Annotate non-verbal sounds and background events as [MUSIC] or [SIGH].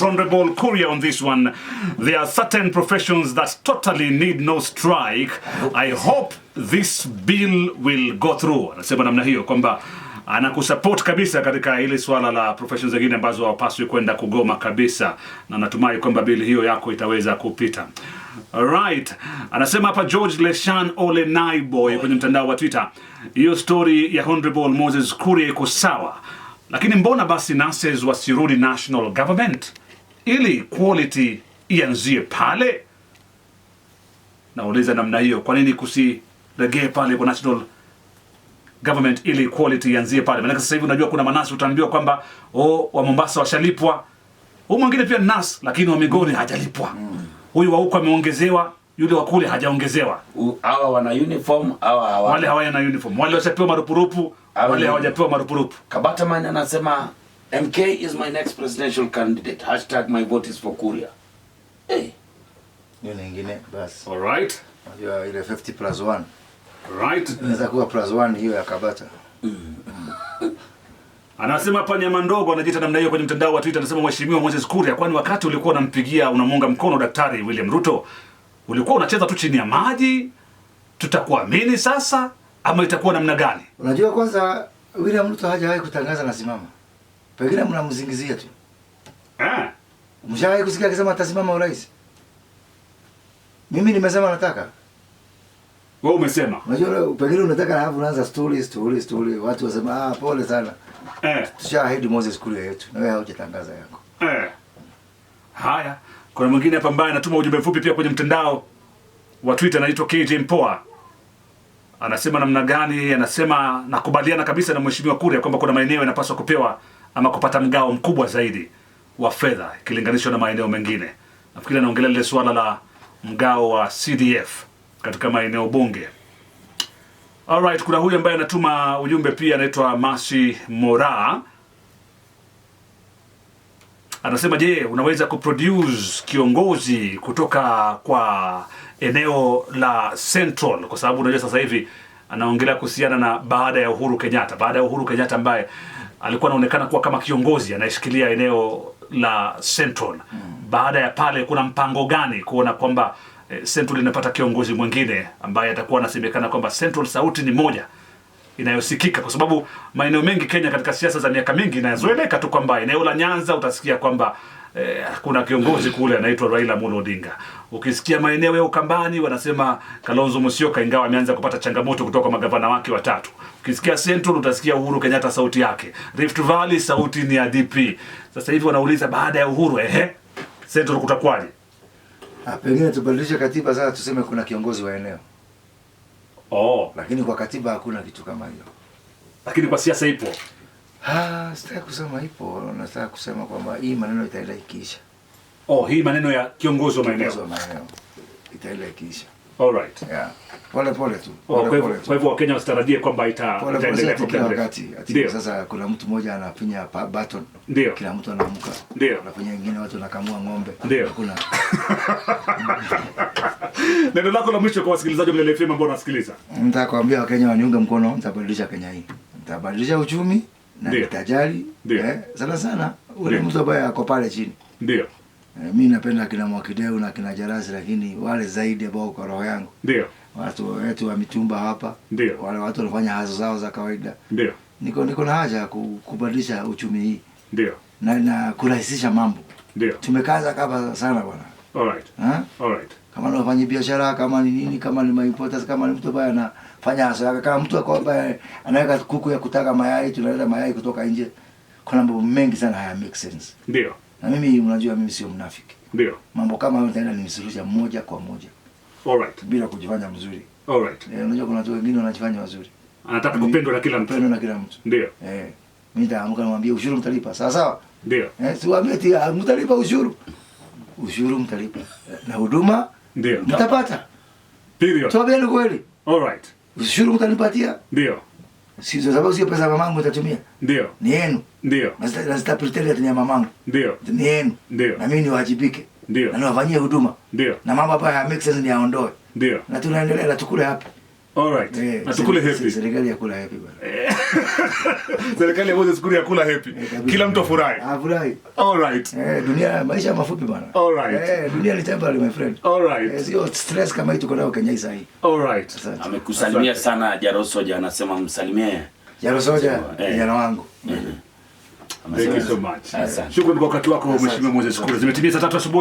Honorable courier on this one. There are certain professions that totally need no strike. I hope this bill will go through. Anasema namna hiyo kwamba anakusupport kabisa katika ile swala la profession zingine ambazo hawapaswi kwenda kugoma kabisa, na natumai kwamba bili hiyo yako itaweza kupita. Right. Anasema hapa George Leshan Ole Naiboy kwenye mtandao wa Twitter, hiyo story ya Honorable Moses Kuria iko sawa, lakini mbona basi nurses wasirudi national government? ili quality ianzie pale. Nauliza namna hiyo, kwa nini kusiregee pale kwa national government ili quality ianzie pale? Maana sasa hivi unajua kuna manasi utaambiwa kwamba oh, wa Mombasa washalipwa, huyu mwingine pia nas, lakini wa migoni hajalipwa, hmm. huyu wa huko ameongezewa yule wa kule hajaongezewa. Hawa wana uniform, hawa hawa. Wale hawana uniform. Wale washapewa marupurupu, wale hawajapewa marupurupu. Kabataman anasema MK is my next presidential candidate. Hashtag my vote is for Kuria. Hey. Hiyo nyingine basi. All right. Unajua ile 50 plus 1. Right. Inaweza kuwa plus 1 hiyo ya Kabata. [LAUGHS] Anasema hapa nyama ndogo anajiita namna hiyo kwenye mtandao wa Twitter anasema mheshimiwa Moses Kuria, kwani wakati ulikuwa unampigia unamuunga mkono Daktari William Ruto ulikuwa unacheza tu chini ya maji? Tutakuamini sasa ama itakuwa namna gani? Unajua kwanza William Ruto hajawahi kutangaza na simama Pengine mnamzingizia tu. Ah. Mshawahi kusikia akisema atasimama urais? Mimi nimesema nataka. Wewe umesema. Unajua pengine unataka halafu unaanza story story story watu wasema ah, pole sana. Eh. Tushahidi Moses kule yetu. Na wewe haujatangaza yako. Eh. Haya. Kuna mwingine hapa mbaya anatuma ujumbe mfupi pia kwenye mtandao wa Twitter anaitwa KJ Mpoa. Anasema namna gani? Anasema nakubaliana kabisa na Mheshimiwa Kuria kwamba kuna maeneo yanapaswa kupewa ama kupata mgao mkubwa zaidi wa fedha ikilinganishwa na maeneo mengine. Nafikiri anaongelea lile suala la mgao wa CDF katika maeneo bunge. Alright, kuna huyu ambaye anatuma ujumbe pia anaitwa Masi Mora. Anasema, je, unaweza kuproduce kiongozi kutoka kwa eneo la Central? Kwa sababu unajua sasa hivi anaongelea kuhusiana na baada ya Uhuru Kenyatta, baada ya Uhuru Kenyatta ambaye alikuwa anaonekana kuwa kama kiongozi anayeshikilia eneo la Central. Mm. Baada ya pale kuna mpango gani kuona kwamba eh, Central inapata kiongozi mwingine ambaye atakuwa anasemekana kwamba Central sauti ni moja inayosikika kwa sababu maeneo mengi Kenya katika siasa za miaka mingi inazoeleka tu kwamba eneo la Nyanza utasikia kwamba eh, kuna kiongozi kule anaitwa Raila Amolo Odinga. Ukisikia maeneo ya Ukambani wanasema Kalonzo musioka ingawa ameanza kupata changamoto kutoka magavana wake watatu. Ukisikia Central utasikia Uhuru Kenyatta sauti yake. Rift Valley sauti ni ya DP. Sasa hivi wanauliza baada ya Uhuru, ehe, Central kutakwaje? Ah, pengine tubadilishe katiba sasa tuseme kuna kiongozi wa eneo. Oh, lakini kwa katiba hakuna kitu kama hiyo. Lakini kwa siasa ipo. Ah, sitaki kusema ipo, nataka kusema kwamba hii maneno itaenda ikiisha. Oh, hii maneno ya kiongozi wa maeneo. Kiongozi wa Itaenda ikiisha. All right. Yeah. Pole pole tu. Pole, oh, pole, Kwa hivyo Wakenya wasitarajie kwamba ita pole, itaendelea kwa kila wakati. Ati sasa kuna mtu mmoja anafinya button. Ndio. Kila mtu anaamka. Ndio. Anafanya wengine watu wanakamua ng'ombe. Ndio. Kuna [LAUGHS] Neno lako la mwisho kwa wasikilizaji wa Milele FM ambao wanasikiliza. Nitakwambia Wakenya waniunge mkono, nitabadilisha Kenya hii. Nitabadilisha uchumi na nitajali. Eh, sana sana ule mtu ambaye ako pale chini. Ndio. E, eh, mi napenda kina Mwakideu na kina Jarazi, lakini wale zaidi ambao kwa roho yangu ndio watu wetu wa mitumba hapa, ndio wale watu wanafanya hazo zao za kawaida. Ndio niko niko na haja ya kubadilisha uchumi hii, ndio na, na kurahisisha mambo. Ndio tumekaza kapa sana bwana. All right. ha? All right. kama ni wafanya biashara, kama ni nini, kama ni maimporters, kama ni mtu ambaye anafanya haso yake, kama mtu akao ambaye anaweka kuku ya kutaga mayai, tunaleta mayai kutoka nje. Kuna mambo mengi sana haya make sense, ndio na mimi unajua mimi sio mnafiki. Ndio. Mambo kama hayo nitaenda nimsuluhisha moja kwa moja. All right. Bila kujifanya mzuri. All right. Eh, unajua kuna watu wengine wanajifanya wazuri. Anataka kupendwa na kila mtu. Kupendwa na kila mtu. Ndio. Eh. Mimi nitaamka nimwambie ushuru mtalipa. Sawa sawa? Ndio. Eh, siwaambie ti ah, mtalipa ushuru. Ushuru mtalipa. Eh, na huduma ndio. Mtapata. Period. Tuambie kweli. All right. Ushuru mtanipatia? Ndio si za sababu sio pesa ya mamangu nitatumia. Ndio. Ni yenu. Ndio. Na ya natumia mamangu. Ndio. Ni yenu. Ndio. Na mimi niwajibike. Ndio. Na niwafanyie huduma. Ndio. Na mambo hapa ya mixes ni niaondoe. Ndio. Na tunaendelea na tukule hapa. All right. na eh, tukule happy. Serikali ya kula happy bwana. Eh. [LAUGHS] serikali ya siku ya kula happy, eh, kila mtu afurahi, ah, afurahi. All right, eh, dunia maisha mafupi bana. All right, eh, dunia ni temporary my friend. All right, eh, sio stress kama hicho kwa Kenya sasa hii. All right, amekusalimia sana Jarosoja, anasema msalimie Jarosoja, eh. jana wangu. Eh. Thank you so much. Shukrani kwa wakati wako mheshimiwa Moses Kula. Zimetimia saa 3 asubuhi.